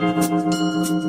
thank you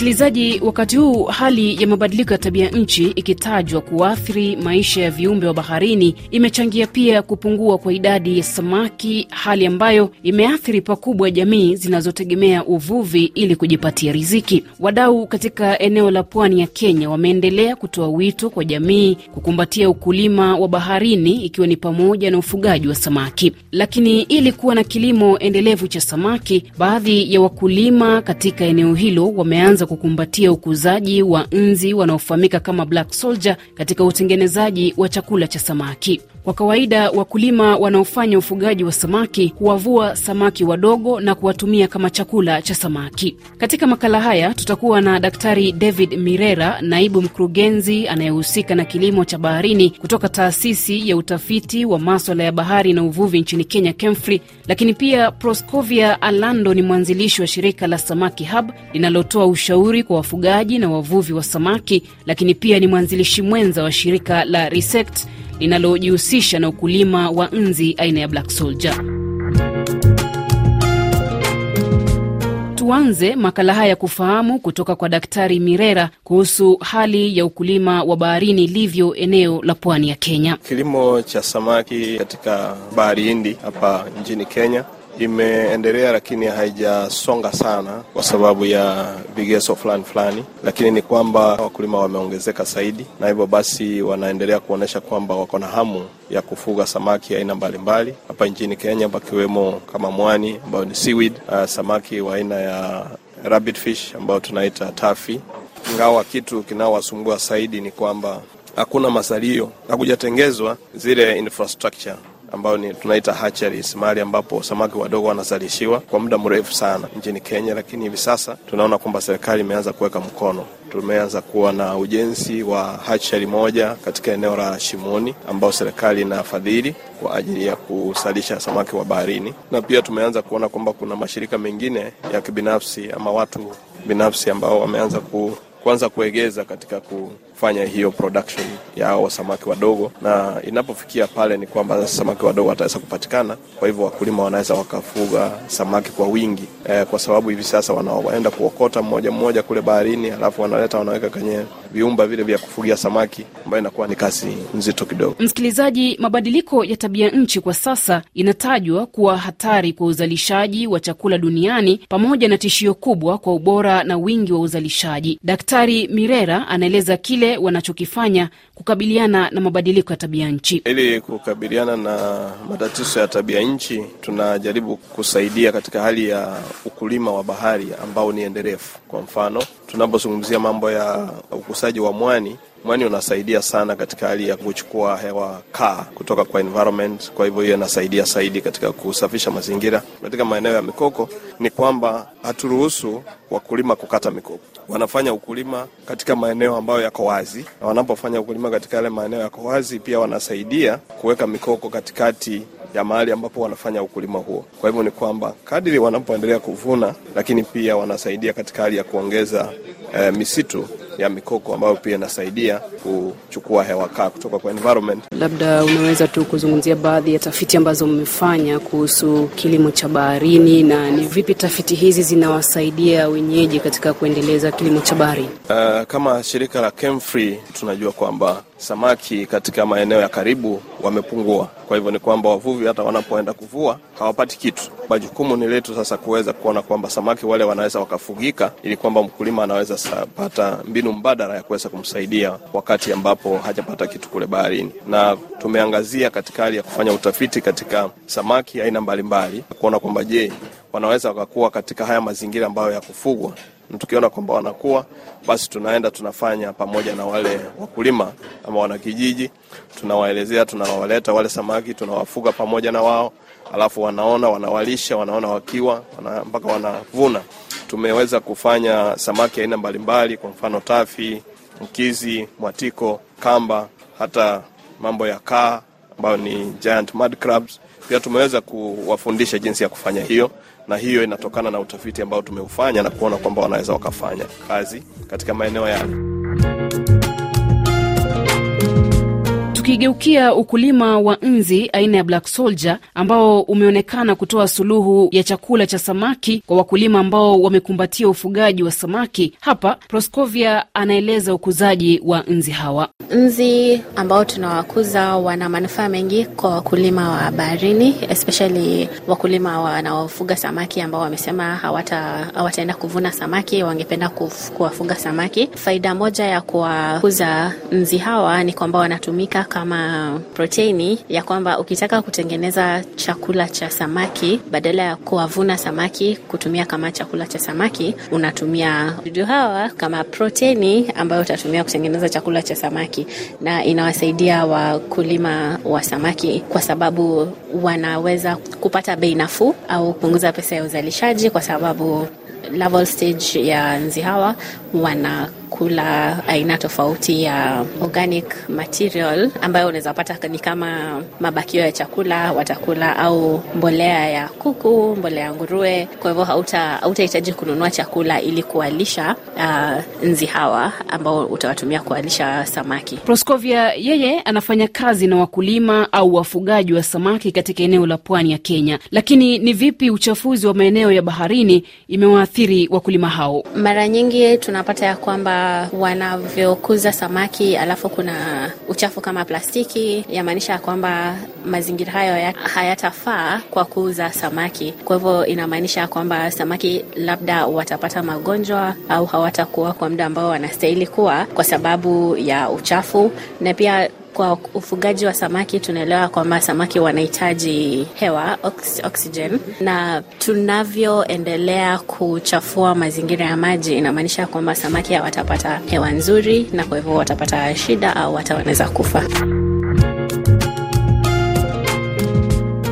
Msikilizaji, wakati huu hali ya mabadiliko ya tabia nchi ikitajwa kuathiri maisha ya viumbe wa baharini, imechangia pia kupungua kwa idadi ya samaki, hali ambayo imeathiri pakubwa jamii zinazotegemea uvuvi ili kujipatia riziki. Wadau katika eneo la pwani ya Kenya wameendelea kutoa wito kwa jamii kukumbatia ukulima wa baharini, ikiwa ni pamoja na ufugaji wa samaki. Lakini ili kuwa na kilimo endelevu cha samaki, baadhi ya wakulima katika eneo hilo wameanza kukumbatia ukuzaji wa nzi wanaofahamika kama black soldier katika utengenezaji wa chakula cha samaki. Kwa kawaida wakulima wanaofanya ufugaji wa samaki huwavua samaki wadogo na kuwatumia kama chakula cha samaki. Katika makala haya tutakuwa na Daktari David Mirera, naibu mkurugenzi anayehusika na kilimo cha baharini kutoka taasisi ya utafiti wa maswala ya bahari na uvuvi nchini Kenya, KEMFRI. Lakini pia Proscovia Alando ni mwanzilishi wa shirika la Samaki Hub linalotoa ushauri ushauri kwa wafugaji na wavuvi wa samaki, lakini pia ni mwanzilishi mwenza wa shirika la Resect linalojihusisha na ukulima wa nzi aina ya black soldier. Tuanze makala haya kufahamu kutoka kwa Daktari Mirera kuhusu hali ya ukulima wa baharini ilivyo eneo la pwani ya Kenya. Kilimo cha samaki katika bahari Hindi hapa nchini Kenya imeendelea lakini haijasonga sana kwa sababu ya vigezo fulani fulani, lakini ni kwamba wakulima wameongezeka zaidi, na hivyo basi wanaendelea kuonyesha kwamba wako na hamu ya kufuga samaki aina mbalimbali hapa nchini Kenya, pakiwemo kama mwani ambayo ni seaweed, uh, samaki wa aina ya rabbit fish ambayo tunaita tafi. Ingawa kitu kinaowasumbua zaidi ni kwamba hakuna masalio na kujatengezwa zile infrastructure ambayo ni tunaita hatcheries, mahali ambapo samaki wadogo wanazalishiwa kwa muda mrefu sana nchini Kenya, lakini hivi sasa tunaona kwamba serikali imeanza kuweka mkono tumeanza kuwa na ujenzi wa hatchery moja katika eneo la Shimoni ambayo serikali inafadhili kwa ajili ya kusalisha samaki wa baharini, na pia tumeanza kuona kwamba kuna mashirika mengine ya kibinafsi ama watu binafsi ambao wameanza ku kuanza kuegeza katika kufanya hiyo production ya hao samaki wadogo, na inapofikia pale ni kwamba samaki wadogo wataweza kupatikana. Kwa hivyo wakulima wanaweza wakafuga samaki kwa wingi e, kwa sababu hivi sasa wanaenda kuokota mmoja mmoja kule baharini, alafu wanaleta wanaweka kwenye viumba vile vya kufugia samaki, ambayo inakuwa ni kazi nzito kidogo. Msikilizaji, mabadiliko ya tabia nchi kwa sasa inatajwa kuwa hatari kwa uzalishaji wa chakula duniani pamoja na tishio kubwa kwa ubora na wingi wa uzalishaji Dr. Daktari Mirera anaeleza kile wanachokifanya kukabiliana na mabadiliko ya tabia nchi. Ili kukabiliana na matatizo ya tabia nchi, tunajaribu kusaidia katika hali ya ukulima wa bahari ambao ni endelefu Kwa mfano, tunapozungumzia mambo ya ukusaji wa mwani, mwani unasaidia sana katika hali ya kuchukua hewa kaa kutoka kwa environment. Kwa hivyo hiyo inasaidia zaidi katika kusafisha mazingira. Katika maeneo ya mikoko ni kwamba haturuhusu wakulima kukata mikoko, wanafanya ukulima katika maeneo ambayo yako wazi, na wanapofanya ukulima katika yale maeneo yako wazi, pia wanasaidia kuweka mikoko katikati ya mahali ambapo wanafanya ukulima huo. Kwa hivyo ni kwamba kadiri wanapoendelea kuvuna, lakini pia wanasaidia katika hali ya kuongeza eh, misitu ya mikoko ambayo pia inasaidia kuchukua hewa kaa kutoka kwa environment. Labda unaweza tu kuzungumzia baadhi ya tafiti ambazo mmefanya kuhusu kilimo cha baharini na ni vipi tafiti hizi zinawasaidia wenyeji katika kuendeleza kilimo cha baharini? Uh, kama shirika la Kemfree tunajua kwamba samaki katika maeneo ya karibu wamepungua. Kwa hivyo ni kwamba wavuvi hata wanapoenda kuvua hawapati kitu. Majukumu ni letu sasa kuweza kuona kwamba samaki wale wanaweza wakafugika, ili kwamba mkulima anaweza pata mbinu mbadala ya kuweza kumsaidia wakati ambapo hajapata kitu kule baharini. Na tumeangazia katika hali ya kufanya utafiti katika samaki aina mbalimbali, kuona kwamba je, wanaweza wakakuwa katika haya mazingira ambayo ya kufugwa na tukiona kwamba wanakuwa, basi tunaenda tunafanya pamoja na wale wakulima ama wanakijiji, tunawaelezea, tunawaleta wale samaki, tunawafuga pamoja na wao, alafu wanaona, wanawalisha, wanaona wakiwa wana, mpaka wanavuna. Tumeweza kufanya samaki aina mbalimbali, kwa mfano tafi, mkizi, mwatiko, kamba, hata mambo ya kaa ambayo ni giant mud crabs. Pia tumeweza kuwafundisha jinsi ya kufanya hiyo na hiyo inatokana na utafiti ambao tumeufanya na kuona kwamba wanaweza wakafanya kazi katika maeneo yale Tukigeukia ukulima wa nzi aina ya black soldier ambao umeonekana kutoa suluhu ya chakula cha samaki kwa wakulima ambao wamekumbatia ufugaji wa samaki. Hapa Proscovia anaeleza ukuzaji wa nzi hawa. Nzi ambao tunawakuza wana manufaa mengi kwa wakulima wa baharini, especially wakulima wanaofuga samaki ambao wamesema hawataenda hawata kuvuna samaki, wangependa kuwafuga samaki. Faida moja ya kuwakuza nzi hawa ni kwamba wanatumika kama proteini, ya kwamba ukitaka kutengeneza chakula cha samaki, badala ya kuwavuna samaki kutumia kama chakula cha samaki, unatumia dudu hawa kama proteini ambayo utatumia kutengeneza chakula cha samaki samaki, na inawasaidia wakulima wa samaki kwa sababu wanaweza kupata bei nafuu au kupunguza pesa ya uzalishaji, kwa sababu larval stage ya nzi hawa wana kula aina tofauti ya organic material ambayo unaweza pata ni kama mabakio ya chakula watakula, au mbolea ya kuku, mbolea ya ngurue Kwa hivyo hautahitaji kununua chakula ili kuwalisha uh, nzi hawa ambao utawatumia kuwalisha samaki. Proskovia yeye anafanya kazi na wakulima au wafugaji wa samaki katika eneo la pwani ya Kenya, lakini ni vipi uchafuzi wa maeneo ya baharini imewaathiri wakulima hao? Mara nyingi tunapata ya kwamba Uh, wanavyokuza samaki, alafu kuna uchafu kama plastiki, yamaanisha kwamba mazingira hayo hayatafaa kwa kuuza samaki. Kwa hivyo inamaanisha kwamba samaki labda watapata magonjwa au hawatakuwa kwa muda ambao wanastahili kuwa kwa sababu ya uchafu, na pia kwa ufugaji wa samaki tunaelewa kwamba samaki wanahitaji hewa oxygen, na tunavyoendelea kuchafua mazingira ya maji inamaanisha kwamba samaki hawatapata hewa nzuri, na kwa hivyo watapata shida au hata wanaweza kufa.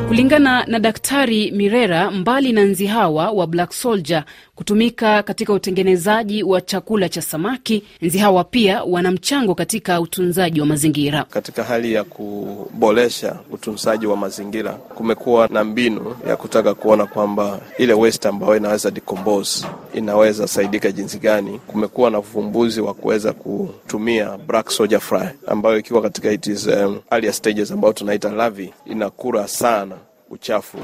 Kulingana na Daktari Mirera, mbali na nzi hawa wa black soldier kutumika katika utengenezaji wa chakula cha samaki. Nzi hawa pia wana mchango katika utunzaji wa mazingira. Katika hali ya kuboresha utunzaji wa mazingira, kumekuwa na mbinu ya kutaka kuona kwamba ile waste ambayo inaweza decompose inaweza saidika jinsi gani. Kumekuwa na uvumbuzi wa kuweza kutumia black soldier fly ambayo ikiwa katika it is, um, earlier stages ambayo tunaita larvae inakura sana uchafu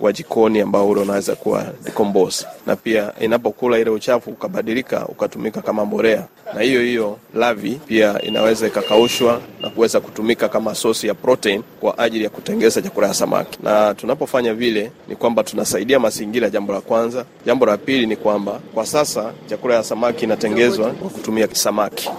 wa jikoni ambao ule unaweza kuwa decompose, na pia inapokula ile uchafu ukabadilika ukatumika kama mbolea, na hiyo hiyo lavi pia inaweza ikakaushwa na kuweza kutumika kama sosi ya protein kwa ajili ya kutengeza chakula ya samaki. Na tunapofanya vile ni kwamba tunasaidia mazingira, jambo la kwanza. Jambo la pili ni kwamba kwa sasa chakula ya samaki inatengezwa kwa kutumia samaki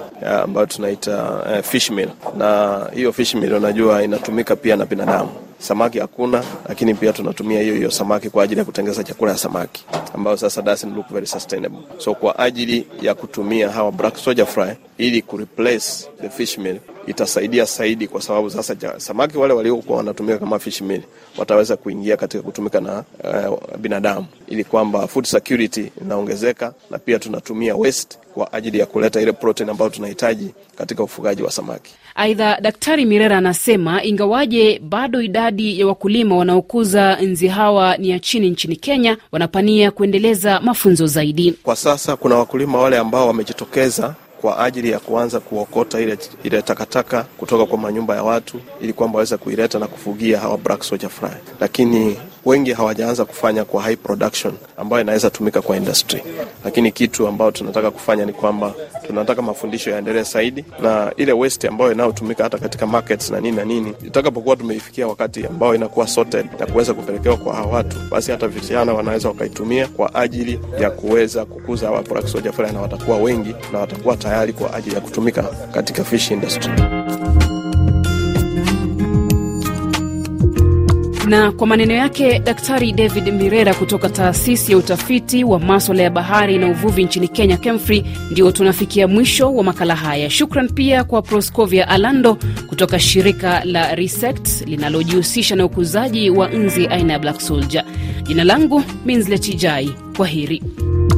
ambayo tunaita uh, fish meal, na hiyo fish meal unajua inatumika pia na binadamu samaki hakuna, lakini pia tunatumia hiyo hiyo samaki kwa ajili ya kutengeneza chakula ya samaki ambayo sasa doesn't look very sustainable. So kwa ajili ya kutumia hawa black soldier fry ili kureplace the fish meal itasaidia zaidi, kwa sababu sasa ja, samaki wale waliokuwa wanatumika kama fish meal wataweza kuingia katika kutumika na uh, binadamu, ili kwamba food security inaongezeka na pia tunatumia waste kwa ajili ya kuleta ile protein ambayo tunahitaji katika ufugaji wa samaki. Aidha, Daktari Mirera anasema ingawaje bado idadi ya wakulima wanaokuza nzi hawa ni ya chini nchini Kenya, wanapania kuendeleza mafunzo zaidi. Kwa sasa kuna wakulima wale ambao wamejitokeza kwa ajili ya kuanza kuokota ile, ile takataka kutoka kwa manyumba ya watu ili kwamba waweze kuileta na kufugia hawa black soldier fly, lakini wengi hawajaanza kufanya kwa high production ambayo inaweza tumika kwa industry, lakini kitu ambayo tunataka kufanya ni kwamba tunataka mafundisho yaendelee zaidi, na ile waste ambayo inayotumika hata katika markets na nini na nini, itakapokuwa tumeifikia wakati ambao inakuwa sorted na kuweza kupelekewa kwa hawa watu, basi hata vijana wanaweza wakaitumia kwa ajili ya kuweza kukuza hawa products na watakuwa wengi na watakuwa tayari kwa ajili ya kutumika katika fish industry. Na kwa maneno yake Daktari David Mirera kutoka taasisi ya utafiti wa maswala ya bahari na uvuvi nchini Kenya, KEMFRI, ndio tunafikia mwisho wa makala haya. Shukran pia kwa Proscovia Alando kutoka shirika la Resect linalojihusisha na ukuzaji wa nzi aina ya Black Soldier. Jina langu Minzletijai, kwa heri.